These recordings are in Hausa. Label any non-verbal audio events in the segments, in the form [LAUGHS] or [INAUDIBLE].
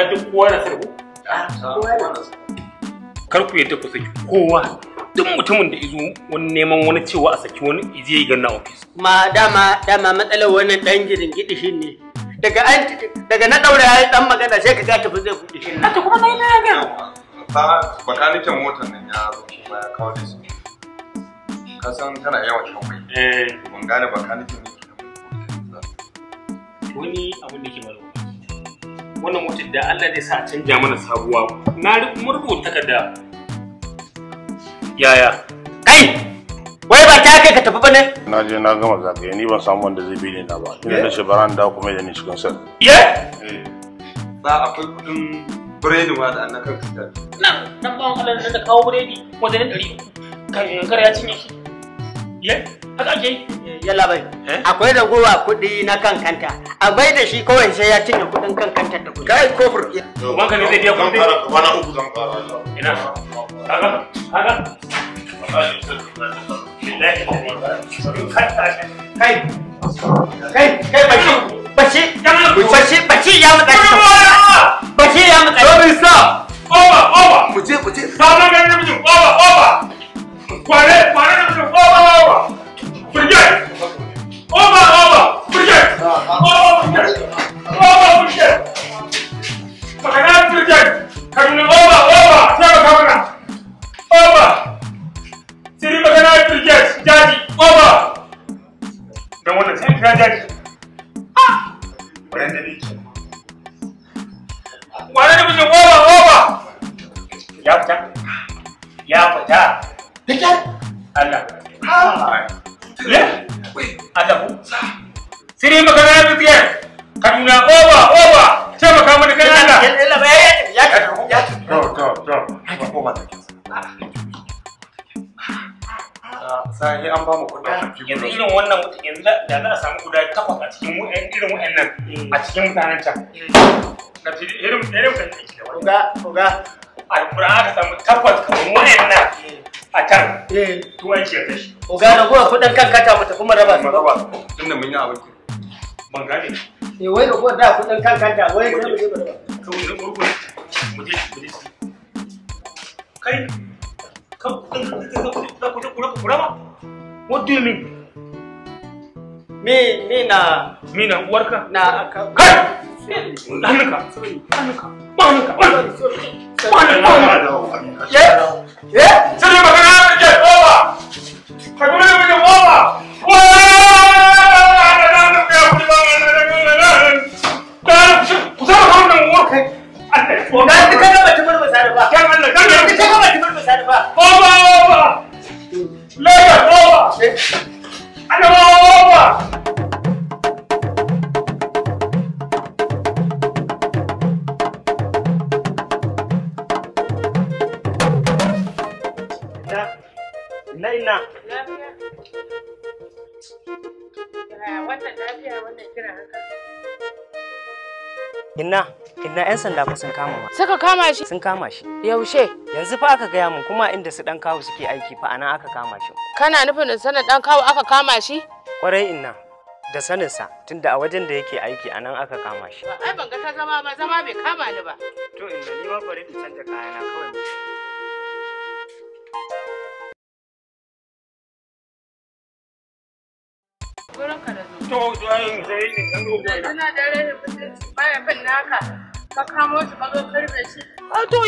mata duk kowa na ah, Kar ku yadda ku saki kowa duk mutumin da izo wani neman wani cewa a saki wani ije ya ganna ofis. Ma dama dama matsalar wannan dan girin gidi shi ne. Daga an daga na daura ya dan magana sai ka ga tafi zai buɗe shi. Haka kuma mai na ga. Ba bakanikin motar nan ya zo shi ma ya kawo da Ka san tana yawan shan mai. Eh. Mun gane bakanikin ne. Wani abin da ke wannan mutum da Allah zai sa canja mana sabuwa na rubuta takarda yaya kai wai ba ta kai ka tafi bane na je na gama zagaye ni ban samu wanda zai bi ni na ba ina da eh? shi baran da kuma da ni cikin sel ye eh. ba akwai kudin biredi ma da annakan ka na nan ba Allah da kawo biredi wajen dari kan kar ya cinye shi Ye, eh? haka eh, Yalla bai. Eh? Akwai ragowa kuɗi na kan kanta. A bai da shi kawai sai ya cinye kuɗin kan kanta da kuɗi. Kai kofur. Uban ka ne zai biya kuɗi. Kwana uku zan fara. Ina. Haka. Haka. Kai. Kai. Kai bashi. Bashi. Bashi. Bashi ya mutsa. Bashi ya mutsa. Sorry sir. Over. Over. Muje. Muje. Sama ga namijin. Over. Over. kware forget oba oba forget oba forget a cikin na fi irin irin kan yake da wani ga ga alquran aka samu tabbas kamar wayannan eh. a can eh tuwanci ko ga da kudin kan kata mu raba su raba tunda mun yi abin ban gane eh wai da da kudin kan kata wai sai mu raba mu je mu je kai ka kudin kan kata ku Me me na me na uwarka? Na aka. Kai! Hannunka. Hannunka. Ba hannunka. Ba hannunka. Ba hannunka. Ye? Ye? Sai dai magana ya rike kowa. Ka Lafiya. Wannan lafiya wannan kira haka. Inna, inna 'yan sanda fa sun kama ma. Suka kama shi? Sun kama shi. Yaushe? Yanzu fa aka gaya min kuma inda su dan kawo suke aiki fa ana aka kama shi. Kana nufin da sanin dan kawo aka kama shi? Kwarai inna. Da saninsa tunda a wajen da yake aiki anan aka kama shi. Ai ban ga ta zama ba zama bai kama ni ba. To inna ni ma bari in canja kayana kawai. Wurinka To, zai ne, ɗan gobe. Tana da rainin mutunci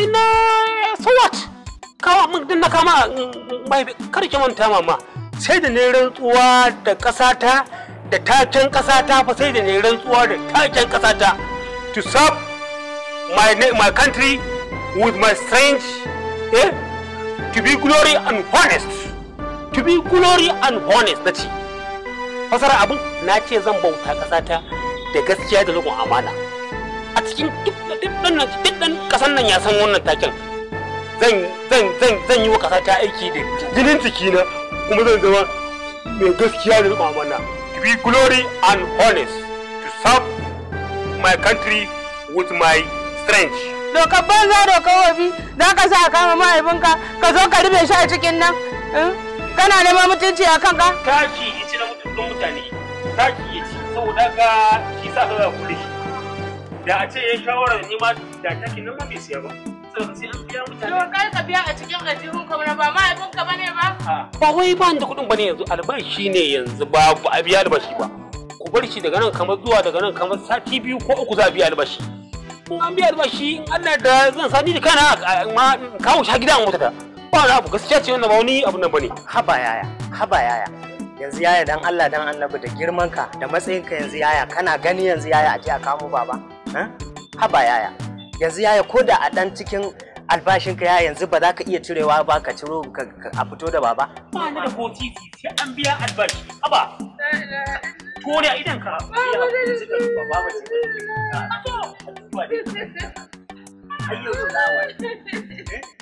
ina so what? Kawa mun din na kama mm, mm, bai kar ki manta mama. Sai da ne rantsuwa da ƙasata da taken ƙasata fa sai da ne rantsuwa da taken ƙasata. To serve my my country with my strength, eh? To be glory and honest. To be glory and honest, that's it. fasara abin na ce zan bauta ƙasata da gaskiya da riƙon amana a cikin duk ɗan ƙasan nan ya san wannan taken zan yi wa ƙasata aiki da jinin na kuma zan zama mai gaskiya da riƙon amana to be glory and honest to serve my country with my strength doka banza doka wafi, za ka sa kama mahaifinka ka zo ka rube shi a cikin nan eh? kana neman mutunci a kanka tashi kudin mutane taki ya ci saboda ka shi sa ka shi. da a ce ya shawarar ni ma da taki nan ma bai siya ba saboda kar ka biya a cikin ajihun ka ba mahaifin ka bane ba ba wai ba da kuɗin ba ne yanzu albashi ne yanzu ba ba a biya albashi ba ku bar shi daga nan kamar zuwa daga nan kamar sati biyu ko uku za a biya albashi in an biya albashi in Allah da zan sani da kana ma kawo shi gida mota ta ba na abu gaskiya ce wannan ba wani abu nan bane haba yaya haba yaya yanzu yaya dan Allah dan annabi da girman ka da matsayin ka yanzu yaya kana gani yanzu yaya a je a baba haba yaya yanzu yaya ko da a dan cikin albashin ka yaya yanzu ba za ka iya cirewa ba ka ciro a fito da baba ba ni da sai an biya albashi haba a idan ka baba ce ba ba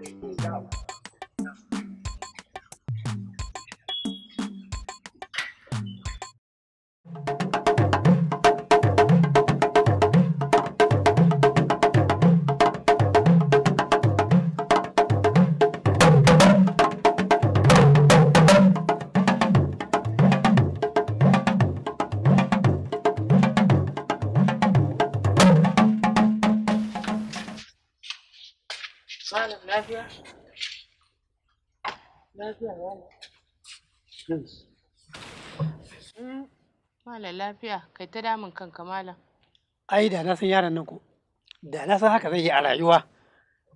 Lafiya? Lafiya malam. Malam lafiya, kai ta damun kanka malam. Ai da na san yaron nan ko, da na san haka zai yi a rayuwa.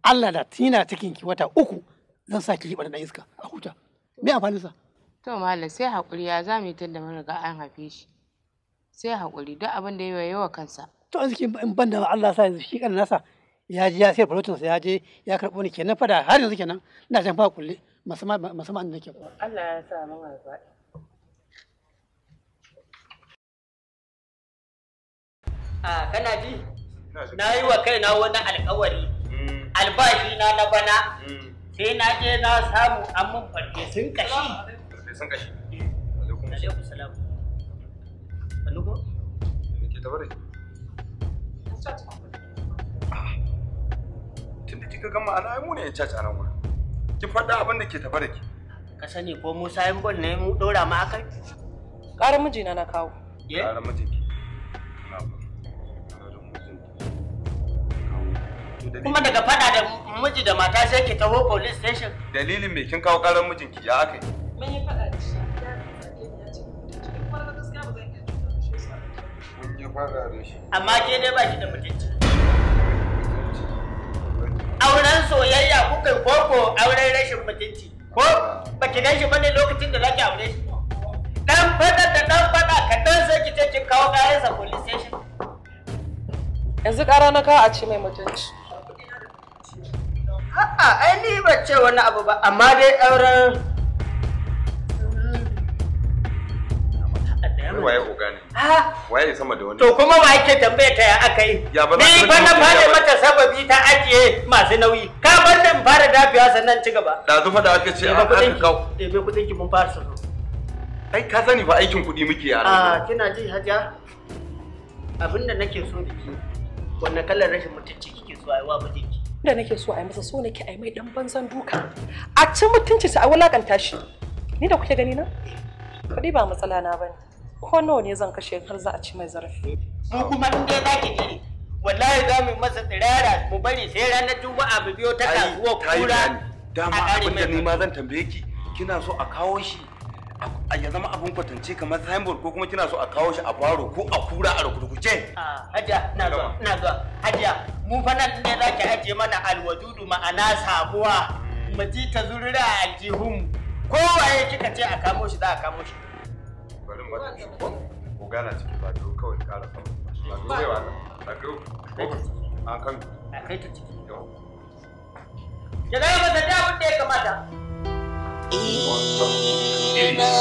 Allah da tina cikin ki wata uku zan sa ki ribar na iska a huta. Me amfanin sa? To malam sai hakuri ya za mu yi tunda mun riga an haife shi. Sai hakuri duk abin da ya yi wa kansa. To in ban da Allah sa yanzu shi kan nasa ya ji ya sai furutin sa ya je ya karɓo ni kenan fada har yanzu kenan ina jan fa kulle musamman da ko Allah ya sa mun alfa'i a kana ji na yi wa kaina wani alkawari mm. albashi na na bana mm. sai na je na samu an mun farke sun kashi sun kashi alaikum salam alaikum ke tabare tunda kika gama ana ai mu ne in charge a nan wurin ki faɗa abin da ke tafa da ke ka sani ko Musa yan bol ne mu ɗora ma akai ƙarar mijina na kawo ƙarar mijinki kuma daga faɗa da miji da mata sai ki taho police station dalilin me kin kawo ƙarar mijinki ya akai mun yi faɗa da amma ke dai ba shi da mutunci auren soyayya kuka yi koko auren rashin mutunci ko ba ki gan shi bane lokacin da zaki aure shi dan fada da dan fada ka dan sai ki ce ki kawo kayan sa police station yanzu kara na ka a ci mai mutunci a'a ai ni ba ce wani abu ba amma dai auren waye ogani waye sama da wani to kuma wa yake tambaye ta ya aka yi ni ba na fara mata sababi ta ajiye masu nauyi ka bar nan fara dafiya sannan ci gaba da zufa da aka ce an aka eh ɗebe kudin ki mun fara sanu ai ka sani ba aikin kuɗi muke yara a kina ji hajiya abinda nake so da ki wannan kalar rashin mutunci kike so a yi wa mijinki da nake so a yi masa so nake a yi mai dan banzan duka a ci mutunci sa a wulakanta shi ni da kuke gani na kuɗi ba matsala na bane ko nawa ne zan kashe har za a ci mai zarafi mu kuma in dai zaki ji wallahi za mu masa tsirara mu bari sai ranar juma'a mu biyo ta kasuwa kura dama abin da ni ma zan tambaye ki kina so a kawo shi a ya zama abin kwatance kamar signboard ko kuma kina so a kawo shi a faro ko a kura a rukurkuce hajiya na zuwa na zuwa hajiya mu fa nan ne za ki ajiye mana alwadudu ma'ana sabuwa mu ji ta zurira a aljihunmu waye kika ce a kamo shi za a kamo shi barin wata shi ko gana ciki ba duk kawai ƙara sama ba duk zai wani ba duk ko an kan a kai ta ciki yau ya gaya abin da ya kamata Ina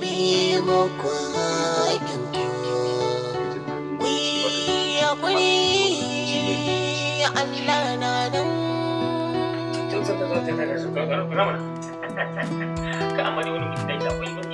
bi Allah na nan. Tun sa ta zo ta su ka [LAUGHS] wani mutum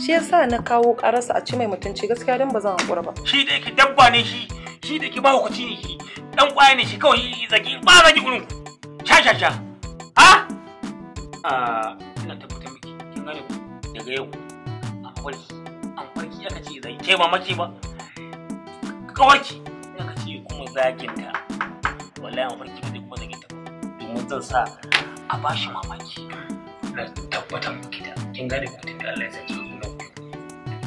shi yasa na kawo karasa a ci mai mutunci gaskiya don ba zan hakura ba shi da yake dabba ne shi shi da yake ba hukunci ne shi dan kwaya ne shi kawai zaki ba zaki kunu, sha sha sha ha a ina tabbatar miki kin gane ku daga yau a warki A warki aka ce zai ba mamaki ba kawarki aka ce kuma ta wallahi an warki ba zai kuma zaginta domin zan sa a bashi mamaki na tabbatar miki da kin gane ku tunda Allah ya sani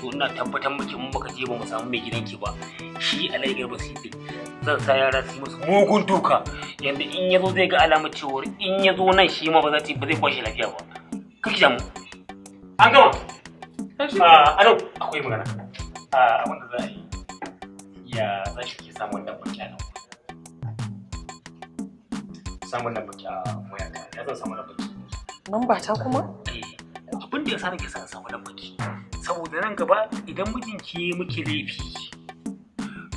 to ina tabbatar miki mun baka je ba mu samu mai gidanki ba shi alai garba sifin zan sa yara su musu mugun duka yanda in yazo zai ga alama cewa in yazo nan shi ma ba za ta ba zai kwashe lafiya ba kake damu an gama a nan ah, akwai magana a ah, wanda za a yi ya za shi ke samun wannan baki nan samun wannan baki a wayata ya zan samu wannan baki nan ba ta kuma eh, abin da ya sa nake sa samu wannan baki saboda nan gaba idan mijinki muke laifi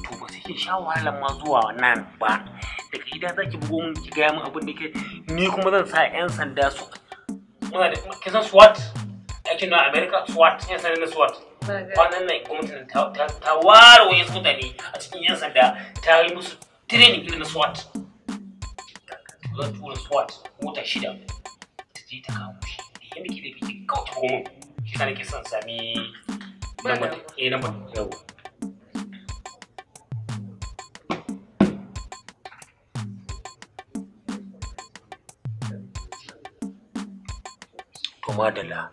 to ba sai ki sha wahalar ma zuwa nan ba daga gida za ki bugo mun ki gaya min abin da ke ni kuma zan sa 'yan sanda su muna da kisan swat aikin na america swat 'yan sanda na swat kwanan nan gwamnatin ta ware wayan mutane a cikin 'yan sanda ta yi musu training irin na swat zan tura swat mota shida ta je ta kawo shi da yadda ke da kawo ta komin Kisa nake son sami na mutum. Eh na mutum yau. madalla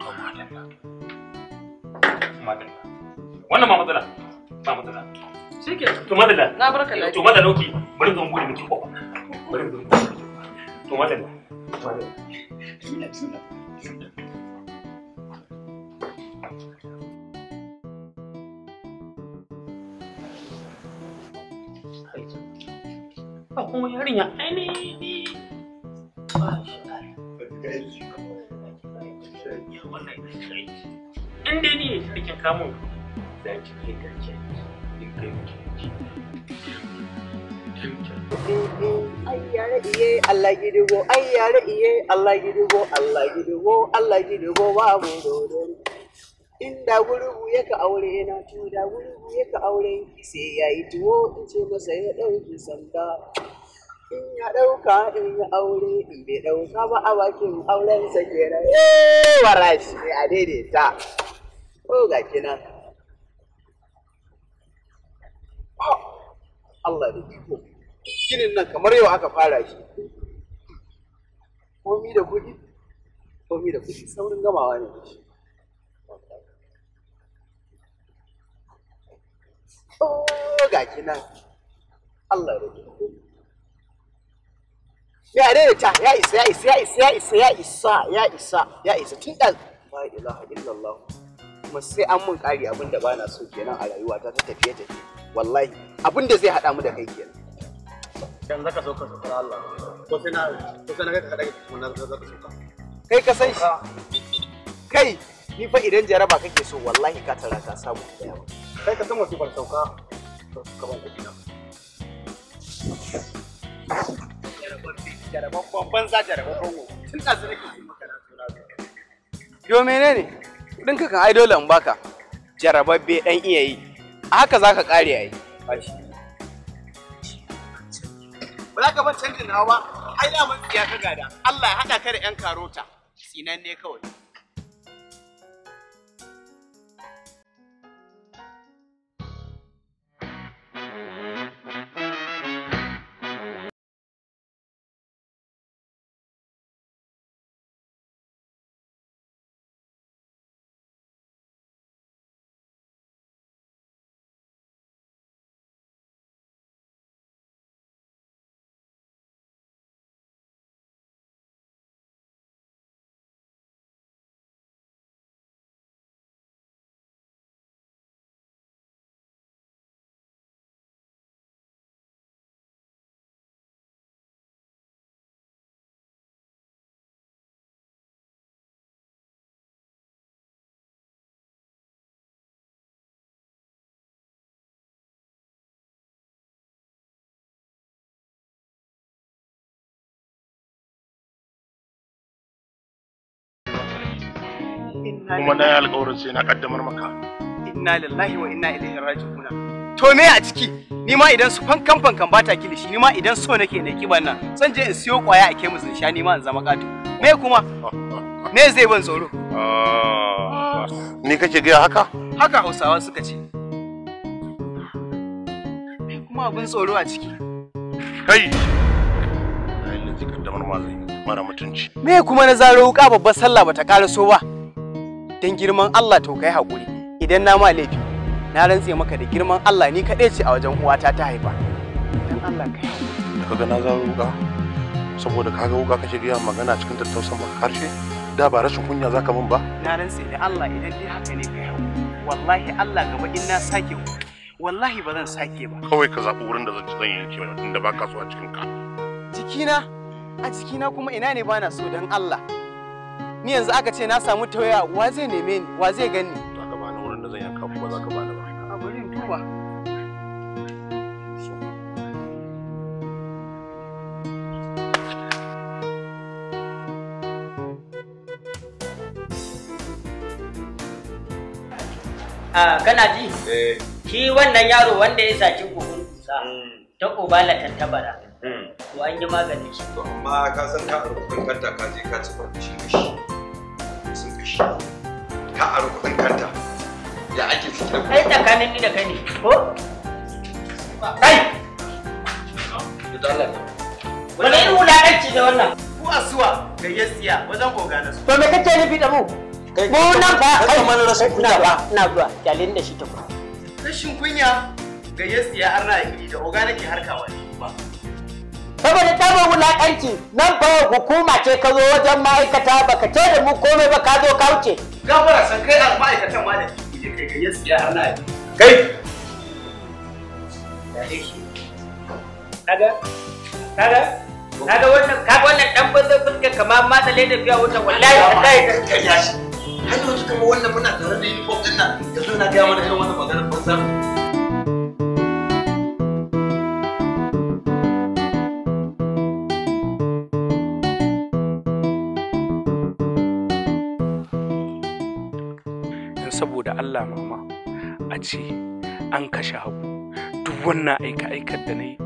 to madalla madalla wannan ma madalla ba madalla shike to madalla na barka lafiya to madalla ki bari zan gode miki kofa bari zan to kuma yarinya ainihi ba shi in dai ni ne cikin garke kai Allah gidigo, yare Allah gidigo, Allah gidigo, Allah gidigo in da gurgu ya ka aure yana tuwo da gurgu ya ka aure sai ya yi tuwo in ce masa ya ɗauki sanda in ya ɗauka in ya aure in bai ɗauka ba a bakin aurensa ke yawa eh, rashi ne a daidaita ko ga kina ah, Allah da iko ginin nan kamar yau aka fara shi komi da kuɗi komi da kuɗi saurin gamawa ne da shi to ga kinan Allah ya rubuta ya daidaita ya isa ya isa ya isa ya isa ya isa ya isa ya isa tun da la ilaha illallah kuma sai an mun kari abin da bana so kenan a rayuwata ta tafiye tafiye wallahi abin da zai hada mu da kai kenan dan zaka so ka so Allah ko sai na ko sai na ga kada kuma na zaka so ka kai ka san shi kai ni fa idan jaraba kake so wallahi ka tara ka samu da yawa kai ka san masifar sauka ka kan aidola in baka jarababbe ɗan iya a haka za ka ƙare a yi ba za ka ban canjin hawa ai da mun tsiya ka gada Allah ya haɗa ka da 'yan karota tsinan ne kawai kuma na yi alƙawarin sai na kaddamar maka inna lillahi wa inna ilaihi raji'un to me a ciki ni ma idan su fankan fankan bata kilishi ni ma idan so nake na kiban nan zan je in siyo kwaya a kemis in sha ni ma in zama katu me kuma me zai ban tsoro ni kake gaya haka haka hausawa suka ce me kuma abin tsoro a ciki kai ayin da kaddamar ma mara mutunci me kuma na zaro wuka babbar sallah bata karaso ba don girman Allah to kai haƙuri idan na ma laifi na rantse maka da girman Allah ni kaɗai ce a wajen uwata ta haifa dan Allah kai da kaga na zaro wuka saboda kaga wuka kace gaya magana cikin tattausan maka karshe da ba rashin kunya zaka min ba na rantse da Allah idan dai haka ne kai wallahi Allah gaba in na sake wallahi ba zan sake ba kawai ka zaɓi wurin da zan ci zan yanke inda ba ka so a cikin ka jikina a jikina kuma ina ne bana so dan Allah ni yanzu aka ce na samu tawaya wa zai neme ni wa zai gani to aka bani wurin da zan yanka kuma za ka bani ba a gurin tuba a ah, kana ji eh shi wannan yaro wanda ya saki kokon sa hmm. ta kobala tantabara hmm. to an yi maganin shi to amma ka san ka rubuta kanta ka je ka ci farfishin shi ta aro kuɗin kanta ya ake ciki da Ai tsakanin ni da kai ne ko kai da Allah wani irin wulaƙanci ne wannan ku asuwa ga yasiya wajen koga na su to me kake nufi da mu mu nan ba kai na rasu kunya ba ina zuwa kyalin da shi ta kuma rashin kunya ga yasiya an ra'ayi da oga nake harkawa ne saboda tsabar wulaƙanci nan ba hukuma ce ka zo wajen ma'aikata ba ka ce da mu komai ba ka zo ka wuce. Gafara san kai an ma'aikatan ma da kike kai gayyar tsiya har na Kai! Kaga? Kaga? Kaga wannan kaga wannan dan banzo fuska kamar ma da leda biya wannan wallahi wallahi ka kanya shi. Har kuma wannan muna tare da uniform din nan yanzu na ga mana irin wannan maganar banza. saboda Allah mama a ce an kashe hagu duk wannan aika-aikar da na yi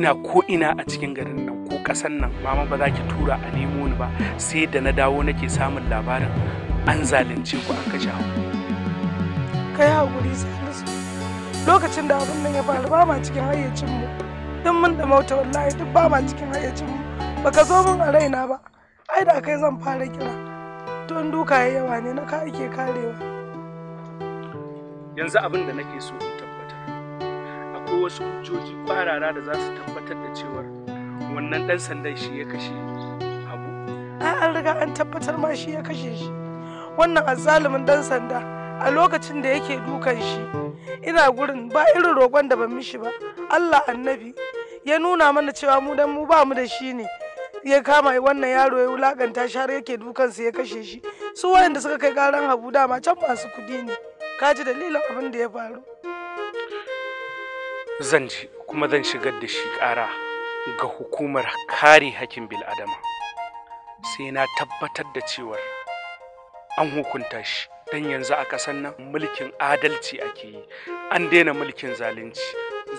ina ko ina a cikin garin nan ko ƙasan nan mama ba za ki tura a nemo ni ba sai da na dawo nake samun labarin an zalunce ku an kashe hagu kai haƙuri salisu lokacin da abin nan ya faru ba ma cikin hayyacinmu don mun da mauta wallahi duk ba ma cikin hayyacinmu baka zo min a raina ba ai da kai zan fara kira tun duka yawa ne na ka ake karewa yanzu abin da nake so in tabbatar akwai wasu hujjoji kwarara da za su tabbatar da cewar wannan dan sandan shi ya kashe abu an riga an tabbatar ma shi ya kashe shi wannan azzalumin dan sanda a lokacin da yake dukan shi ina gurin ba irin rogon da ban mishi ba Allah annabi ya nuna mana cewa mu dan mu ba mu da shi ne ya kama wannan yaro ya wulaganta, shi har yake dukansa ya kashe shi su wayanda suka kai garan habu dama can masu kudi ne ka ji dalilin abin da ya faru zan ji kuma zan shigar da shi ƙara ga hukumar kare hakkin bil'adama sai na tabbatar da cewar an hukunta shi don yanzu a ƙasar nan mulkin adalci ake yi an daina mulkin zalunci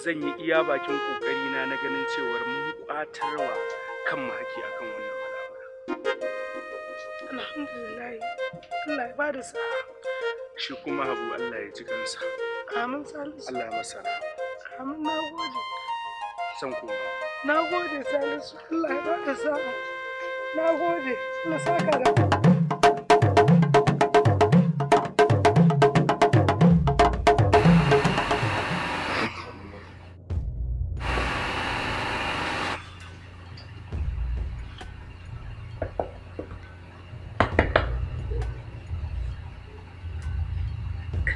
zan yi iya bakin kokari na na ganin cewar mun ƙwatarwa kan mahaki akan wannan alhamdulillah Allah ya ba sa'a shi kuma abu Allah ya ji kansa amin salisu Allah masa amin na gode san kuma na gode salisu Allah ya ba da sa'a na gode na saka da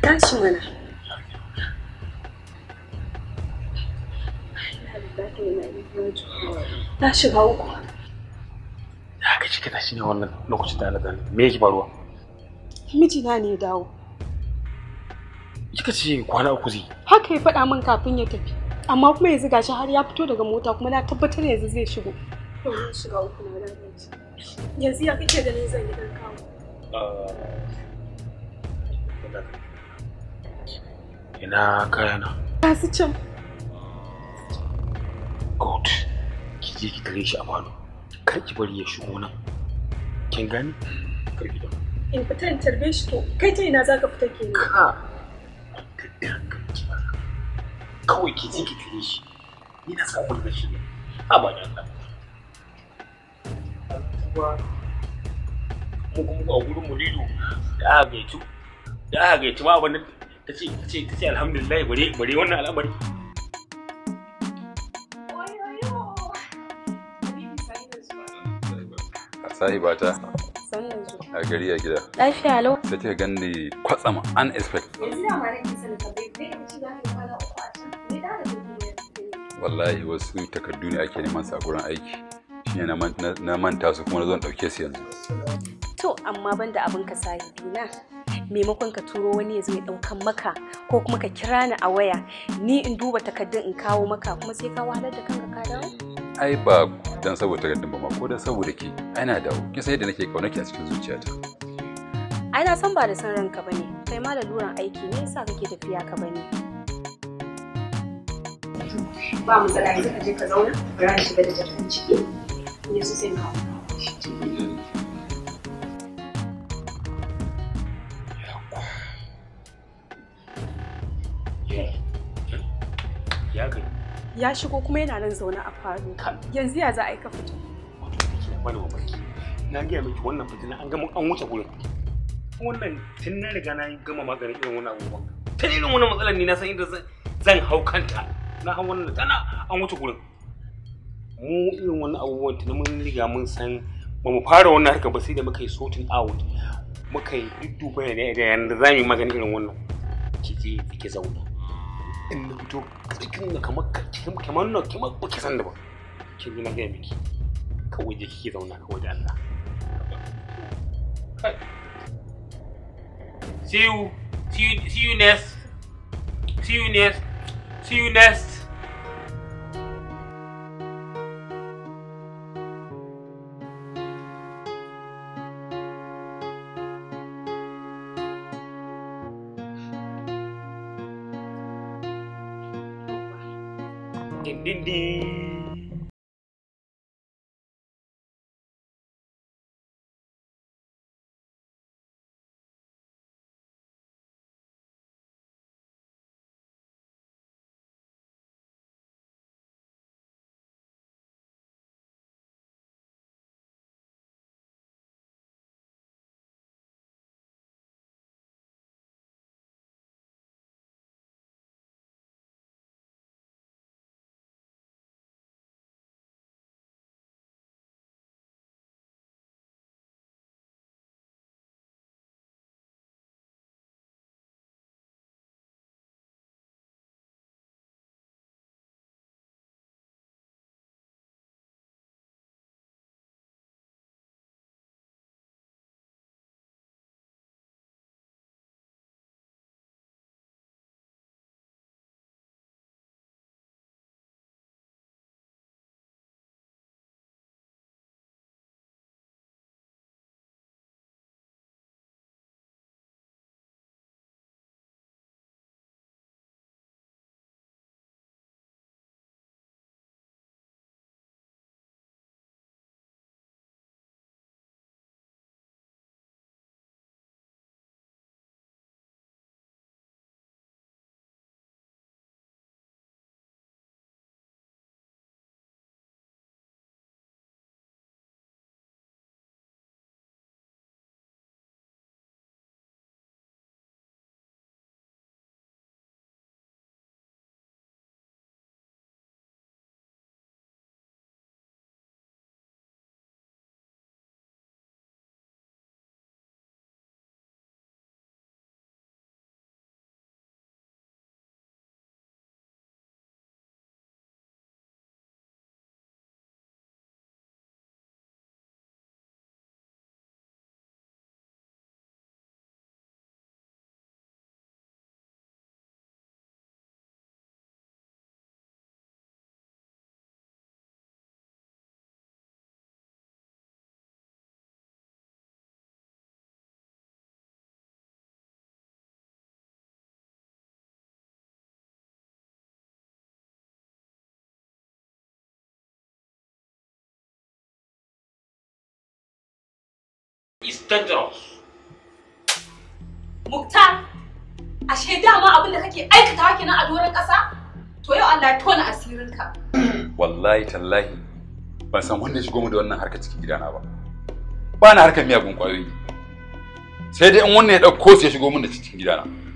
tashi mana ta shiga uku da haka cike tashi ne wannan lokacin da na gani me yake faruwa mijina ne ya dawo kika ce kwana uku zai haka ya faɗa min kafin ya tafi amma kuma yanzu gashi har ya fito daga mota kuma na tabbatar yanzu zai shigo shiga uku na yanzu ya kake ganin zan yi dan kawo ah. ina kayana ba su can good ki je ki tare shi a falo kar ki bari ya shigo nan kin gani kai gidan in fita in tarbe shi to kai ta ina zaka fita ke ka kawai ki je ki tare shi ni na sa mun shi ne a ba dan Allah mu kuma ga gurin mu lido da aka gaitu da aka gaitu ma abin ta ce ta ce ta ce alhamdulillah bare bare wannan al'amari sahibata a gari a gida lafiya lau sai ta gani kwatsam unexpected wallahi wasu takardu ne ake neman sa gurin aiki ne na manta su kuma na zo dauke su yanzu to amma ban da abin ka sahibi na maimakon ka turo wani ya zo ya daukan maka ko kuma ka kira ni a waya ni in duba takardun in kawo maka kuma sai ka wahalar da kanka ka dawo ai ba dan saboda takardun ba ko dan saboda ki ana dawo kin sai yadda nake kauna ki a cikin zuciyata ai na san ba da san ranka bane kai ma laluran aiki ne yasa kake tafiya ka bane ba mu tsada yanzu ka je ka zauna ga shiga da jakan ciki ne su sai ka ya shigo kuma yana nan zaune a falo yanzu ya za a yi ka fito na gaya miki wannan fitina an gama an wuce gurin wannan tun na riga na gama maganin irin wannan abubuwan ta irin wannan matsalar ni na san inda zan hau kanta na hau wannan tana an wuce gurin mu irin wannan abubuwan tun mun riga mun san ba mu fara wannan harkar ba sai da muka yi sorting out muka yi dudduba ne da yanda za mu yi maganin irin wannan kike kike zauna in na fito kamar kamar kamar ba ki san da ba kin na gaya miki kawai je kike zauna ka waje Allah see you see you see you next see you next see you next be is dangerous. Muktar, ashe dama abin da kake aikatawa kenan a doron ƙasa? To yau Allah ya tona asirinka. Wallahi tallahi ban san wanda shigo mu da wannan harka cikin gidana ba. Ba na harkar miyagun ƙwayoyi. Sai dai in wannan ya ɗauko su ya shigo mun da cikin gidana.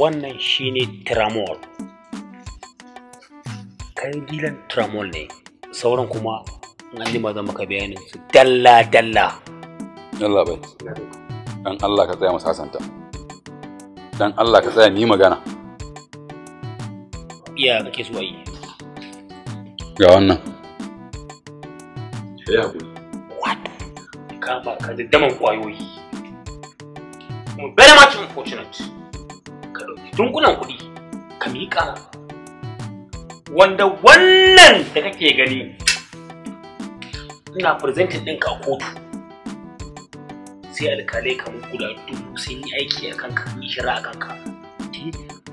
wannan shine tramol kai dilan tramol ne sauran kuma an lima zan maka bayanin su dalla dalla Allah bai dan Allah ka tsaya masasanta dan Allah ka tsaya ni magana iya kake so yi ga wannan ya hakuri what kama ka da daman kwayoyi very much unfortunate rungunan kuɗi ka miƙa wanda wannan da kake gani ina presentin ɗinka a kotu sai alkalai ka guda dubu sun yi aiki a kanka yi shira a kanka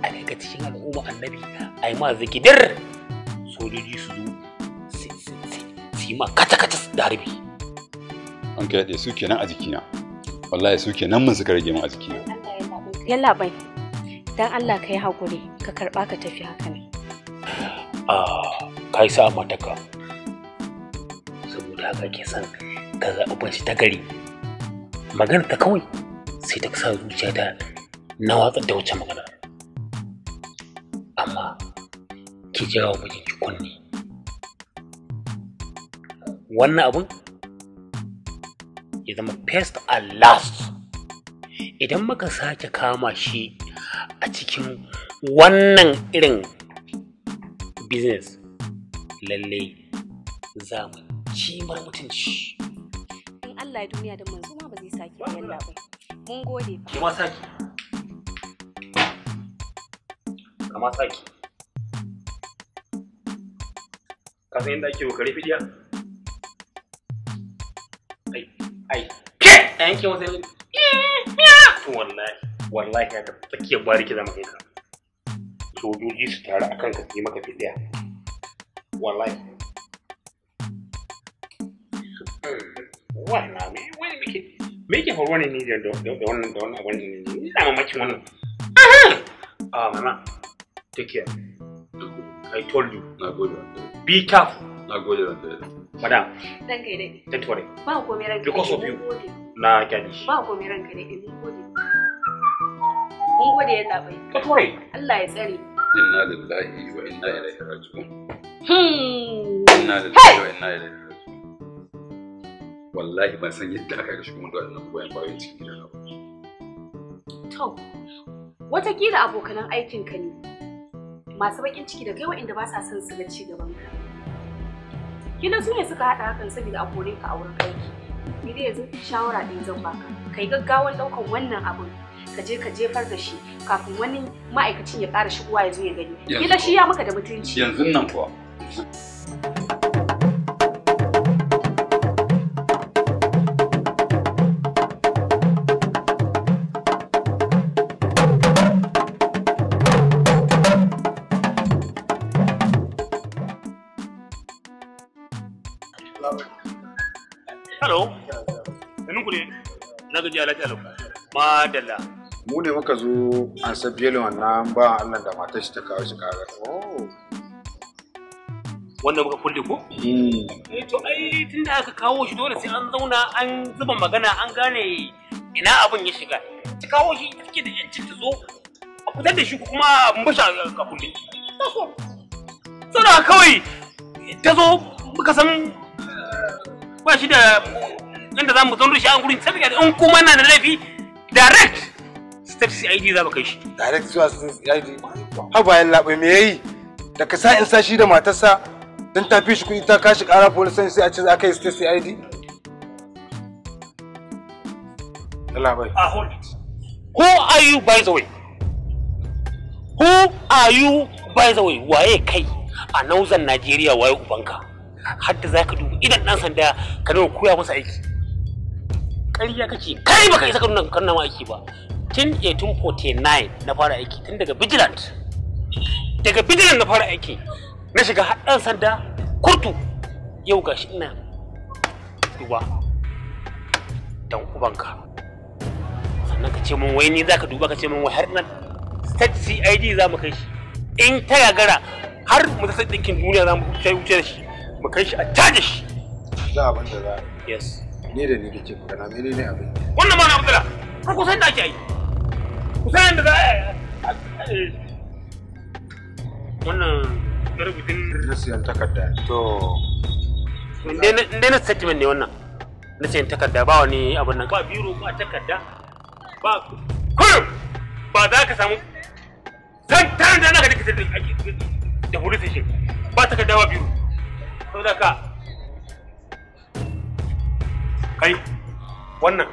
a daga cikin al'umma annabi a yi ma zikidir sojoji su zo su yi ma kata-kata da harbi an kira da su kenan a jikina wallahi su kenan mun suka rage mun a jikina yalla bai Idan Allah ka yi haƙuri ka karɓa ka tafi haka ne. Ah, ka yi sa mataka saboda haka ke son ka zaɓi shi ta gari magana ta kawai sai ta sa zuciya ta na watsar da wacce magana amma ki jawo mijin ki kunne wannan abun ya zama first and last idan muka sake kama shi a cikin wannan irin business lalle za mu ci mar mutunci in Allah ya duniya da manzo ma ba zai sake yin labai mun gode fa kuma saki kama saki ka san yadda ake kokari fidiya ai ai ke yanke wata ne to wallahi wallahi ta tsakiyar bari ki zama kanka sojoji su taru a kanka su yi maka filiya wallahi wannan me wani muke me yake faruwa ne ni da wannan da wannan ne ni ina mamakin wannan ah mama take care I told you. Na gode Be careful. Na gode rantsare. Madam. Ranka Ba komai ranka ne Because of you. Na gani. Ba komai ranka ne gode. Mun gode ya labai. Ka Allah ya tsare. Inna lillahi wa inna ilaihi raji'un. Hmm. Inna lillahi wa inna ilaihi raji'un. Wallahi ban san yadda aka ga shugaban da wannan goyon bayan cikin gidana ba. To, watakila abokanan aikinka ne masu bakin ciki da kai waɗanda ba sa son su ga ci gaban ka. Kila su ne suka haɗa hakan saboda a kore ka a wurin aiki. Ni dai yanzu shawara ɗin zan baka. Kai gaggawan ɗaukar wannan abin. ka je ka jefar da shi kafin wani ma'aikacin ya ƙara shigowa ya zo ya gani kila shi ya maka da mutunci yanzu nan kuwa Hello. Sanin ne? Na gaji alaƙi alaƙa. Madalla. mu ne muka zo an san belin wannan ba Allah da matar shi ta kawo shi kaga oh. wannan muka kulle ko hmm. eh to ai tunda aka kawo shi dole sai an zauna an zuba magana an gane ina abin ya shiga ta kawo shi take da yancin ta zo a kudar da shi kuma mun ka a kulle da kawai ta zo muka san eh, ba shi da inda za mu zauna shi an gurin saboda in kuma na da laifi direct state ID za mu kai shi direct zuwa ID. ha bayan labai me yayi da ka sa in sa shi da matarsa dan ta fi shi kuɗi ta kashi ƙara police sai a ce za ka yi state Allah bai. Ah hold it who are you by the way who are you by the way waye kai a nauzan Najeriya waye ubanka har da zaka dubu idan dan sanda ka dawo koya masa aiki ƙarya kake kai baka isa ka nuna kan aiki ba tun 1849 na fara aiki tun daga vigilant daga vigilant na fara aiki na shiga haɗar sanda kurtu yau ga shi ina duba dan ubanka sannan ka ce min wai ni zaka duba ka ce min wai har nan state cid za mu kai shi in ta gagara har mu ta ɗinkin duniya za mu kai wuce da shi mu kai shi a caje shi za a da za yes ne da ni kake kana menene abin wannan ma na abdullahi har kusan da ake yi kusa za a wannan rubutun na siyan takarda to inda na statement ne wannan na siyan takarda ba wani abin nan ba biro ba takarda ba kurum ba za ka samu san tarin da naka dikita da police shi ba takarda ba biro saboda ka kai wannan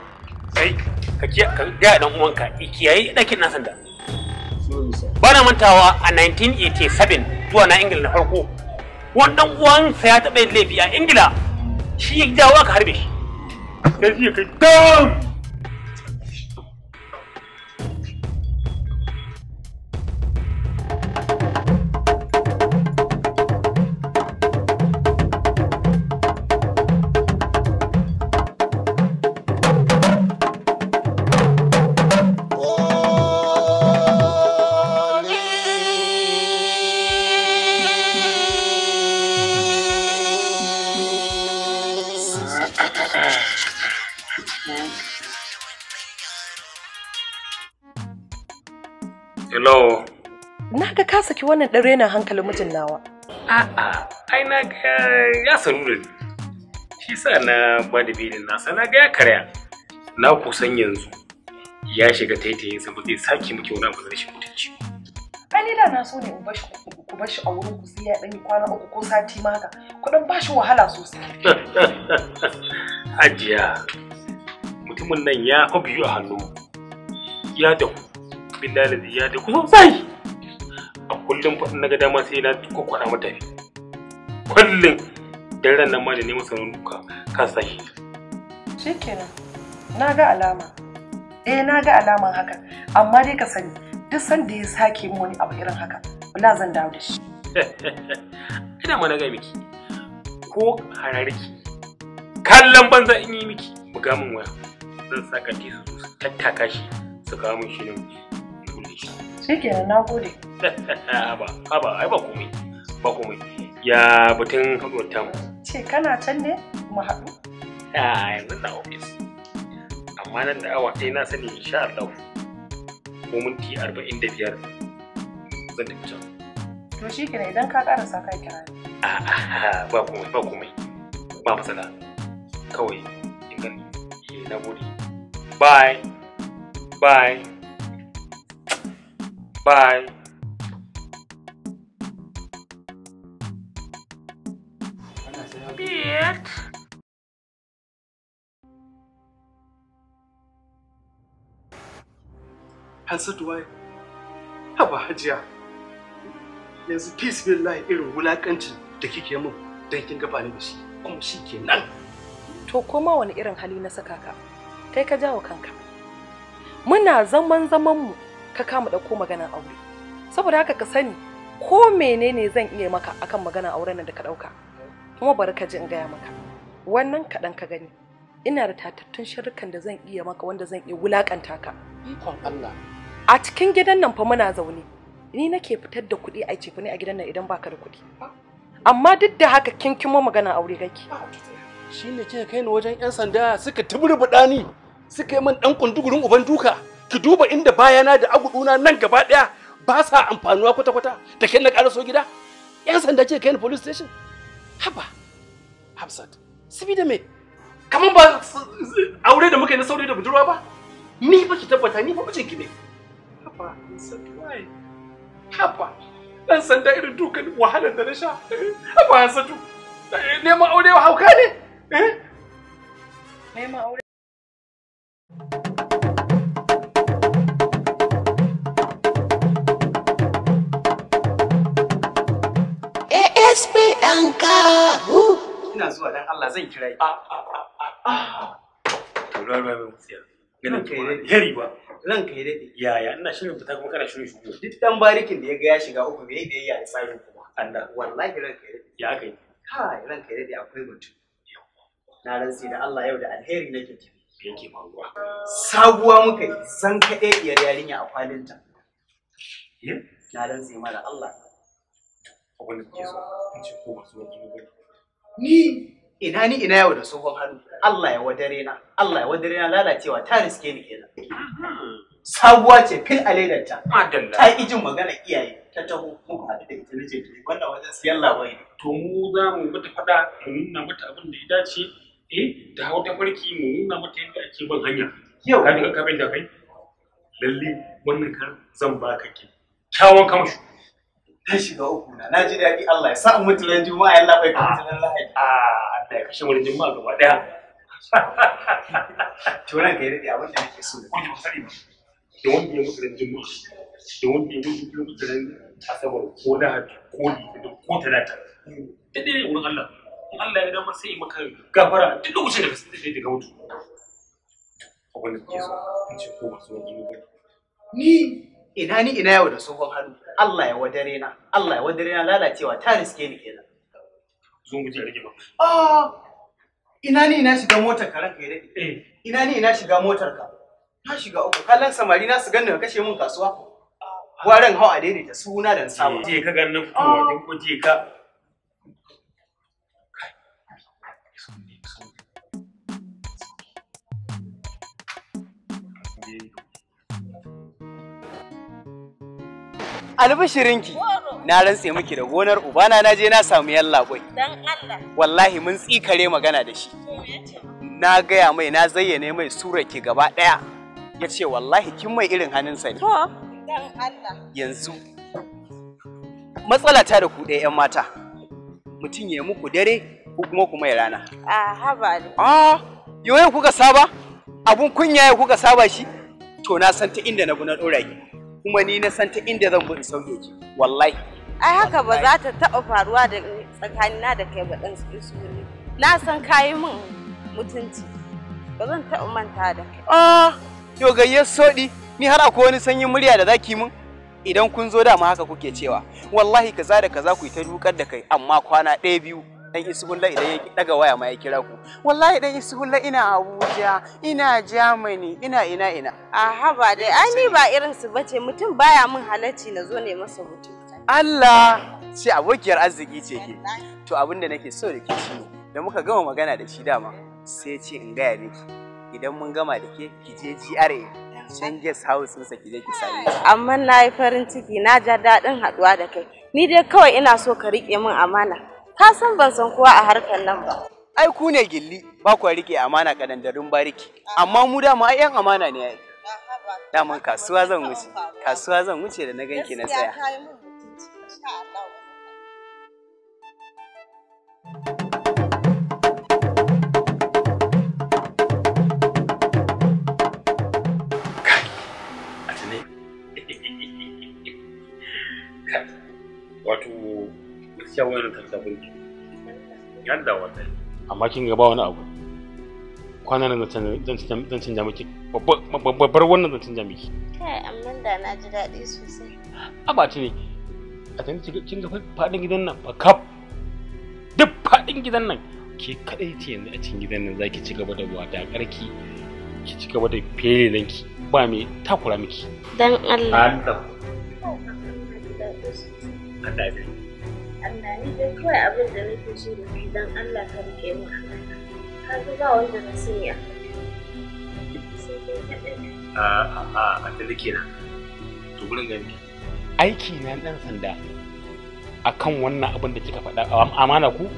kai ka gaya dan uwanka ikiyayi ɗakin na sanda bana mantawa a 1987 zuwa na ingila na farko wani dan uwansa ya taɓa yin laifi a ingila shi ya dawo ka harbe shi sai kai na ga ka saki wannan ɗan renin hankalin mijin nawa. A'a, ai na ga ya sanu da ni. Shi sa na ba da bilin nasa na ga ya karya. Na kusan yanzu ya shiga taitayin sa ba zai sake muke wani abu da rashin mutunci. Kalila na so ne ku bashi ku bashi a wurin ku sai ya ɗan yi kwana uku ko sati ma haka. Ku dan bashi wahala sosai. [LAUGHS] Hajiya, mutumin nan ya fa biyu a hannu. Ya dahu. Billahi ya ku sosai. kullum fa na ga dama sai na kwakwada mata fi kullum daren nan ma da neman sanin duka ka sahi shikenan na ga alama eh na ga alaman haka amma dai ka sani duk sanda ya sake mu wani abu irin haka wala zan dawo da shi [LAUGHS] ina na ga miki ko hararki kallon banza in yi miki ga min waya zan saka tisu tattaka shi su kawo mun shi ne Shi kenan na gode. Haba, haba, ai ba komai, ba komai. Ya batun haɗuwar tamu. Ce kana can ne mu haɗu? yanzu na ofis. Amma nan da awa ɗaya na sani insha Allah ko minti arba'in da biyar zan tafi can. To shi kenan idan ka ƙarasa kai kira. A'a ba komai ba komai ba matsala kawai in eh, na gode. Bye. Bye. Bye. Bitch. Hasatu wai, haba hajiya, yanzu peace billahi irin wulakancin da kike min don kin gaba ni da shi, kuma shi ke nan. To koma wani irin hali na saka ka, kai ka jawo kanka. Muna zaman zamanmu ka kama ɗauko maganar aure saboda haka ka sani ko menene zan iya maka akan maganar auren nan da ka ɗauka kuma bari ka ji in gaya maka wannan kaɗan ka gani ina da tatattun shirkan da zan iya maka wanda zan iya wulakanta ka ikon Allah a cikin gidan nan fa muna zaune ni nake fitar da kuɗi a ne a gidan nan idan baka da kuɗi ah. amma duk da haka kin kimo magana aure gaki ah, shine kika kai ni wajen yan sanda suka tuburbuɗa ni suka yi min dan kundugurin uban duka ki duba inda bayana da aguduna nan gaba daya ba sa amfanuwa kwata-kwata da kai na karaso gida yan sanda ce kai na police station haba hafsat sibi da me kamar ba aure da muka yi na saurayi da budurwa ba ni ba ki tabbata ni ba mijin ki ne haba why haba dan sanda irin dukan wahalar da na sha haba satu eh, neman aure hauka ne eh neman aure sp ɗanka ina zuwa dan Allah zan kira yi ruwa ruwa mai mutsiya ganin kai daɗe yari ba ran kai daɗe yaya ina shirin fita kuma kana shirin shigo duk dan barikin da ya ga ya shiga uku bai da yayi tsarin kuma Allah wallahi ran kai daɗe ya kai kai ran kai daɗe akwai mutum na rantsi da Allah yau da alheri nake tafi yake faruwa sabuwa muka yi zan kaɗe diyar yarinya a kwalinta na rantsi mara Allah abin da so in ce ko masu wani ba ni ina ni ina yau da tsohon hannu Allah ya wadare na Allah ya wadare na lalacewa ta riske ni kenan sabuwa ce fil alaidarta ta ƙi jin magana iyaye ta taho muka haɗu da ita nace to wannan wajen siyan labari to mu za mu mata faɗa mu nuna mata abin da ya dace eh da hau ta farki mu nuna mata yadda ake bin hanya yau ka dinga kafin da kai lalle wannan kar zan baka ki kyawun kamshi Na shiga uku na, na ji daɗi Allah ya sa in mutu ran juma'a ya labai ka mutu ran lahadi. Ah, ah, Allah ya kashe wani juma'a gaba ɗaya. [LAUGHS] To nan ka yi daɗi abin da nake so da kuma sani ba. Da wani ya mutu ran juma'a, da wanda ya mutu ran asabar ko na lahadi ko litinin ko talata. Da ɗaya wurin Allah. Allah ya dama sai maka gafara duk lokacin da ka sai daga mutu. Abin da kake so, in ce ko masu wani Ni ina ni ina yau da tsohon hannu Allah ya wadare na Allah ya wadare na lalacewa ta riske ni kenan sun guje rike ba ah ina ni ina shiga motar ka ranka ya dade eh. ina ni ina shiga motar ka na shiga uku kallon samari na su ganni ka kashe mun kasuwa waran hawa daidaita suna da sabo je ka ganni fitowa ah! ko je ka albishirinki na rantse miki da gonar ubana na je na samu yalla kwai wallahi mun tsikare magana da shi na gaya mai na zayyane mai sura ke gaba daya ya ce wallahi kin mai irin hannunsa ne yanzu matsala ta da ku ɗaya 'yan mata mutum ya muku dare ko kuma ku mai rana a haba a yoyin kuka saba abun kunya ya kuka saba shi to na san ta inda na na ɗora ki kuma ni na san ta inda zan bi in sauke ki wallahi ai haka ba za ta taɓa faruwa da tsakanina da kai ba ɗan su na san kayi min mutunci ba zan taɓa manta da kai ah yo gayyar soɗi ni har akwai wani sanyin murya da zaki min idan kun zo dama haka kuke cewa wallahi kaza da kaza ku yi ta dukar da kai amma kwana ɗaya biyu dan Isbulla idan ya daga waya ma ya kira ku wallahi dan Isbulla ina Abuja ina Germany ina ina ina a haba dai ai ni ba irin su bace mutum baya mun halacci na zo ne masa hutu Allah ce abokiyar arziki ce ke to abin da nake so da ke shi da muka gama magana da shi dama sai ce in gaya miki idan mun gama da ke ki je GRA can guest house ɗinsa ki je ki same Amma na yi farin ciki na ja daɗin haɗuwa da kai. Ni dai kawai ina so ka riƙe min amana. Ka san ban san kowa a harkar nan ba. Ai ku ne gilli ba ku rike amana kadandarun bariki. Amma mu da mu ai yan amana ne ai. Daman kasuwa zan wuce. Kasuwa zan wuce da na ganki na tsaya. gaskiya wani ta ta burge yalla amma kin ga ba wani abu kwanan nan zan canja miki babbar wannan zan canja miki kai amma da na ji daɗi sosai abati ne a tanki kin ga faɗin gidan nan fa kap, duk faɗin gidan nan ke kadai ce yanzu a cikin gidan nan zaki ci gaba da wata karki ki ci gaba da felelanki ba me takura miki dan Allah Allah Allah Allah ni dai kawai abin da nake so da kai don Allah ka rike mu a kanka ka ba wanda na sani a a da kenan to gurin ga miki aiki na ɗan sanda a kan wannan abin da kika faɗa amana ku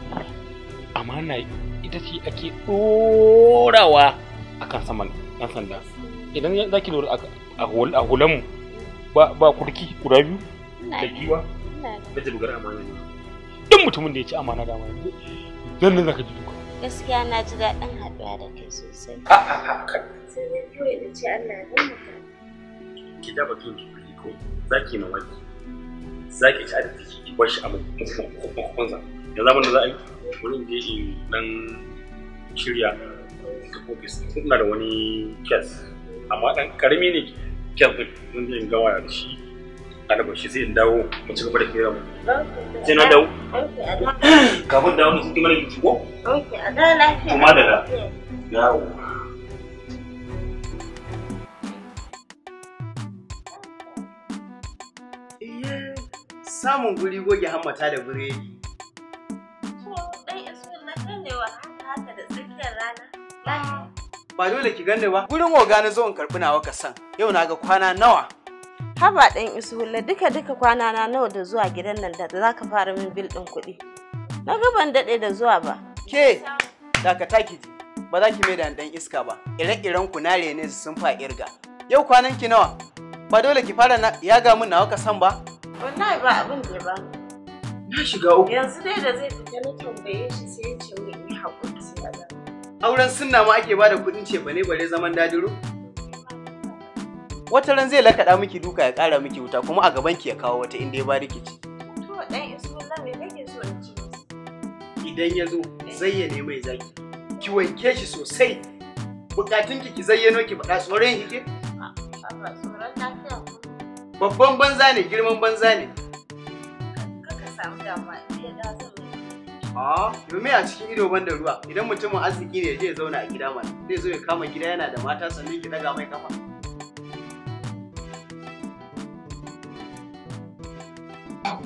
amana ita ce ake ɗorawa kan saman ɗan sanda idan za ki lura a hulanmu ba kurki kura biyu da giwa da jibgar amana ne duk mutumin da ya ci amana da amana dan nan zaka ji duka gaskiya na ji daɗin haɗuwa da kai sosai a a a kan sai ne kawai da ce Allah dan mutum ki da batun ki kuli ko zaki na wani zaki ci arziki ki bar shi a mutum za ya zama da za a yi wurin je in dan shirya ta ofis ina da wani kes amma dan karami ne kes din zan je in gawa da shi alaba shi zai dawo mu ci gaba da kira mu sai na dawo kafin dawo mu sai mana ki ko kuma da da yawo samun guri goge hammata da biredi. Ba dole ki gane ba. Gurin oga na zo in karɓi nawa ka san. Yau na ga kwana nawa haba ɗan isuhulla duka duka kwana na nawa da zuwa gidan nan da za ka fara min bil ɗin kuɗi na ga ban daɗe da zuwa ba ke dakata ki ba za ki mai da ɗan iska ba ire-iren ku na rene sun fa irga yau kwanan ki nawa ba dole ki fara ya ga min nawa ka san ba wallahi ba abin da ba na shiga uku yanzu dai da zai fita na tambaye shi sai ya ce mu yi haƙuri sai auren sunna ma ake bada kuɗin ce bane bare zaman dadiru wata ran zai lakaɗa miki duka ya ƙara miki wuta kuma a gaban ki ya kawo wata inda ya ba rikici. Idan ya zo zayyane mai zaki, ki wanke shi sosai, Bukatun ki zayyano ki faɗa tsoron hike? Ah, Babban banza ne, girman banza ne. Kaka samu damuwa, iya da son domin a cikin ido banda da ruwa idan mutumin arziki ne zai ya zauna a gida mana zai zo ya kama gida yana da mata sannan ki daga mai kafa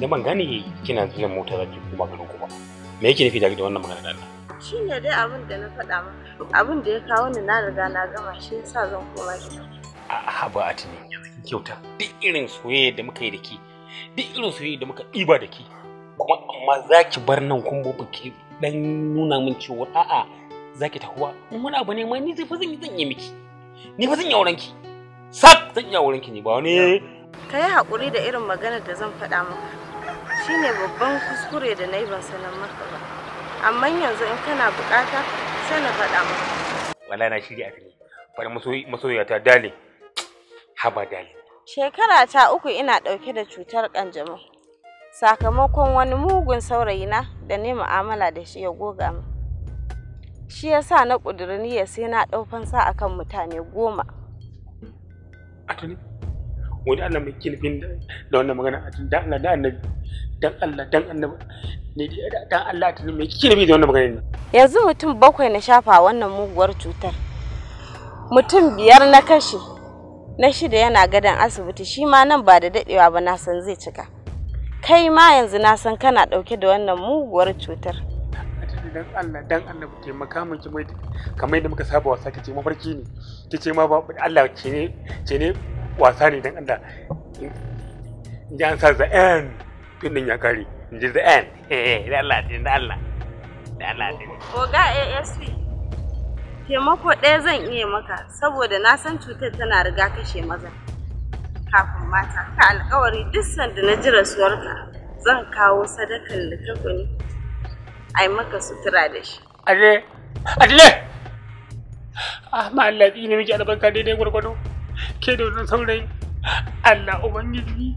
da ban gane kina jiran mota zaki kuma garin kuma ba me yake nufi da wannan magana da Allah shi ne dai abin da na faɗa ma abin da ya kawo ni na riga na gama shi yasa zan koma gida a'a ba a tuni kyauta duk irin soyayya da muka yi da ki duk irin soyayya da muka ɗiba da ki kuma amma za ki bar nan kun bu ki dan nuna min cewa a'a za ki tafi ba wani abu ne ma ni zai fa zan yi zan yi miki ni fa zan yi auren ki sak zan yi auren ki ne ba wani ka yi haƙuri da irin maganar da zan faɗa maka shine babban kuskure da na yi ban sanar maka ba amma yanzu in kana bukata sai na faɗa maka wallahi na shirya akan fara masoyi ta dale haba dale shekara ta uku ina ɗauke da cutar kanjamau sakamakon wani mugun saurayina da ne mu'amala da shi ya goga mu shi yasa na ƙudiri niyya sai na ɗau fansa akan mutane goma atani wani Allah mai kilfin da wannan magana a da Allah da annabi dan Allah dan annabi ne dan Allah ta me kike da wannan maganar yanzu mutum bakwai na shafa wannan muguwar cutar mutum biyar na kashe na shida yana gadon asibiti shi ma nan ba da dadewa ba na san zai cika kai ma yanzu na san kana dauke da wannan muguwar cutar dan Allah dan ki mai kamar yadda muka saba wasa kace mafarki ne kace ma ba Allah ke ne ke ne wasa ne dan Allah in ji an sa the end fim din ya kare in ji the eh da Allah da Allah da Allah oga ASP taimako ɗaya zan iya maka saboda na san cutar tana riga kashe maza kafin mata ka alkawari duk sanda na ji rasuwarka zan kawo sadakan da ta kuni ai maka sutura da shi aje aje ah Allah ne miki albarka daidai gwargwado ke da wannan saurayi Allah ubangiji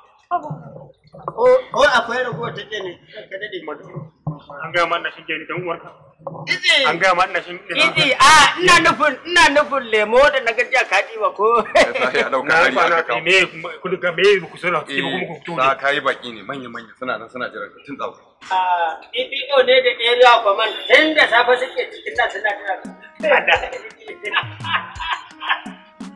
Ko akwai rago ta ne ka dade. An gaya ma ina shin gani dan uwarka. Izi. An ma Izi a ah, ina nufin ina nufin lemo da na gaji a kati ba ko. Na na me me ku sura ki kuma ku tudu. Eh, sa kai baki ne manya manya suna nan suna jira tun ah, ne da area command tun da safe suke cikin nan suna jira. [LAUGHS]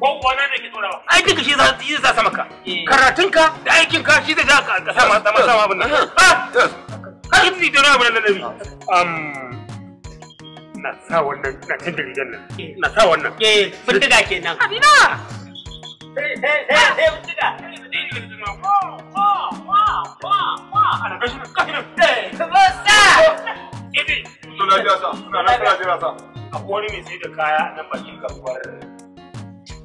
ko ne ke tsorawa aikin ka shi za yi sa sama ka karatun ka da aikin ka shi zai ja ka sama sama sama abin nan ka yi ni da rabu nan nabi um na sa wannan na cin rigan nan na sa wannan eh fitiga kenan abina Hey, hey, hey, hey, fitiga! Wow, wow, wow, wow, wow! Ana kashin kashin! Hey, what's up? Idi! Suna jasa, suna jasa, suna jasa. Akwai wani mai sai da kaya a nan bakin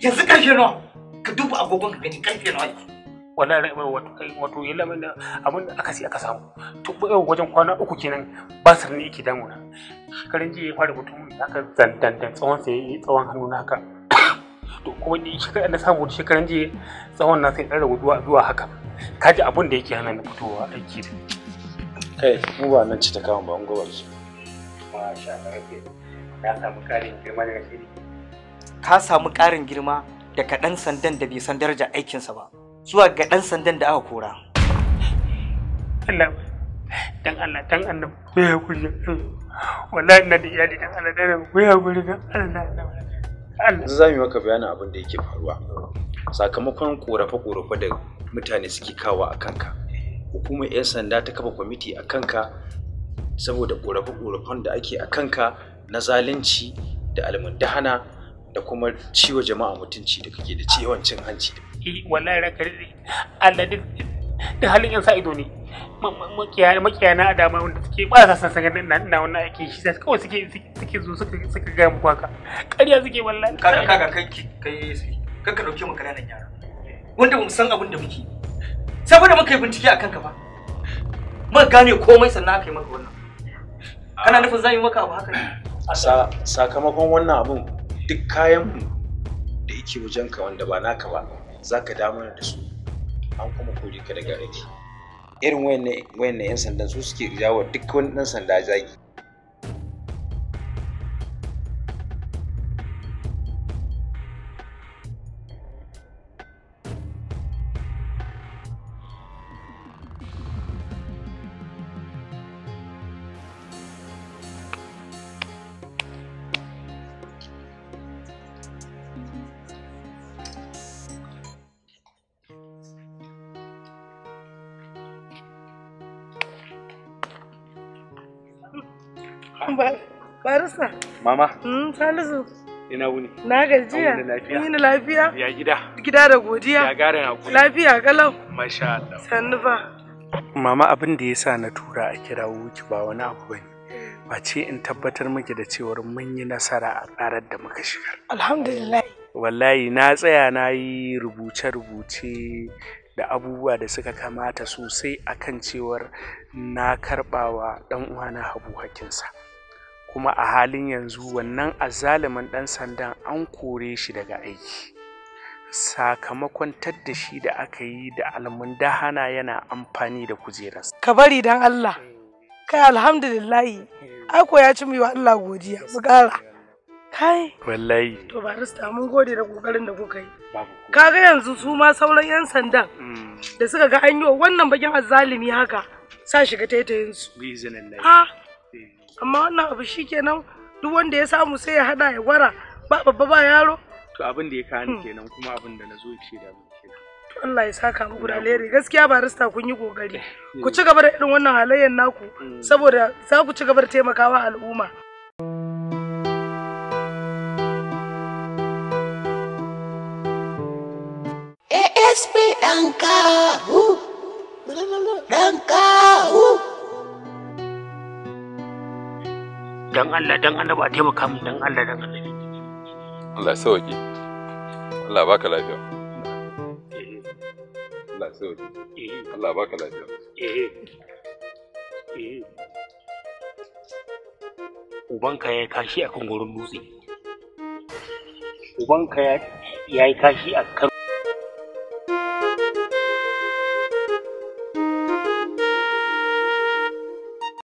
yanzu karfe nawa ka duba agogon ka gani karfe nawa wallahi wato yalla mai abin da aka sai aka samu to wajen kwana uku kenan ba sa ne yake damuna shekarun jiya ya fara mutum haka zandandan tsawon sai tsawon hannu na haka to kuma ni shekaran da samu shekaran jiya tsawon na sai dan ragu zuwa haka ka kaji abin da yake hana na fitowa aiki kai mu ba nan ci ta kama ba an gobar su masha Allah na samu karin girma daga shiri ta samu ƙarin girma daga ɗan sandan da bai san darajar aikinsa ba zuwa ga ɗan sandan da aka kora. Allah dan Allah dan Allah ko ya kuri wallahi ina da iyali dan Allah dan ko ya kuri dan Allah Allah za mu maka bayanin abin da yake faruwa sakamakon korafe korafe da mutane suke kawo a kanka hukumar yan sanda ta kafa kwamiti a kanka saboda korafe korafen da ake a kanka na zalunci da almundahana da kuma ciwo jama'a mutunci da kake da ciwon cin hanci da eh, wallahi ranka dai Allah da halin yan sa ido ne Makiyana na adama wanda suke ba sa san sanar na ina wannan aiki shi sai kawai suke suke zo suka suka ga mu kwaka ƙarya suke wallahi kaga kaga kai kai sai ka dauke mu kananan yara wanda mu san abin da muke saboda muka yi bincike akan ka ba Mun gane komai sannan aka yi maka wannan kana nufin yi maka abu haka ne sakamakon wannan abun duk kayan mu da yake wajenka wanda ba naka ba za ka damar da su an kuma kore ka daga aiki irin wayannan 'yan sandan su suke jawo duk wani ɗan sanda zagi barista. Mama. Mm, Salisu. Ina wuni. Na gajiya. Ina Ina lafiya. Ya gida. Gida da godiya. Ya gare na ku. Lafiya kalau. Masha Allah. Sannu ba. Mama abin da yasa na tura a kirawo wuki ba wani abu bane. ce in tabbatar miki da cewar mun yi nasara a tsarar da muka shiga. Alhamdulillah. Wallahi na tsaya na yi rubuce-rubuce da abubuwa da suka kamata sosai akan cewar na karbawa dan uwana habu hakinsa. kuma a halin yanzu wannan azalimin ɗan sandan an kore shi daga aiki sakamakon tadda shi da aka yi da almundahana yana amfani da kujerarsa ka bari don allah kai alhamdulillahi ako ya ci mu wa allah godiya mu kara kai wallahi to ba rasta mun gode da kokarin da kuka yi kaga yanzu su ma sauran yan sandan mm. da suka ga an yi wannan bakin azalimi haka sa shiga su bi izinin amma wannan abu shi kenan duk wanda ya samu sai ya hada ya gwara ba babba ba yaro to abin da ya kani kenan kuma abin da na zo ce da kenan Allah ya saka muku da alheri gaskiya ba barista kun yi kokari [LAUGHS] ku ci gaba da irin wannan halayen naku mm. saboda za ku ci gaba da taimakawa al'umma ASP ɗan kawo ɗan kawo dan Allah dan ba a taimaka min dan Allah dan Allah. Allah sauki Allah baka lafiya Allah ya sauki Allah baka lafiya eh eh ubanka ya kashi akan gurin dutse ubanka ya yi kashi akan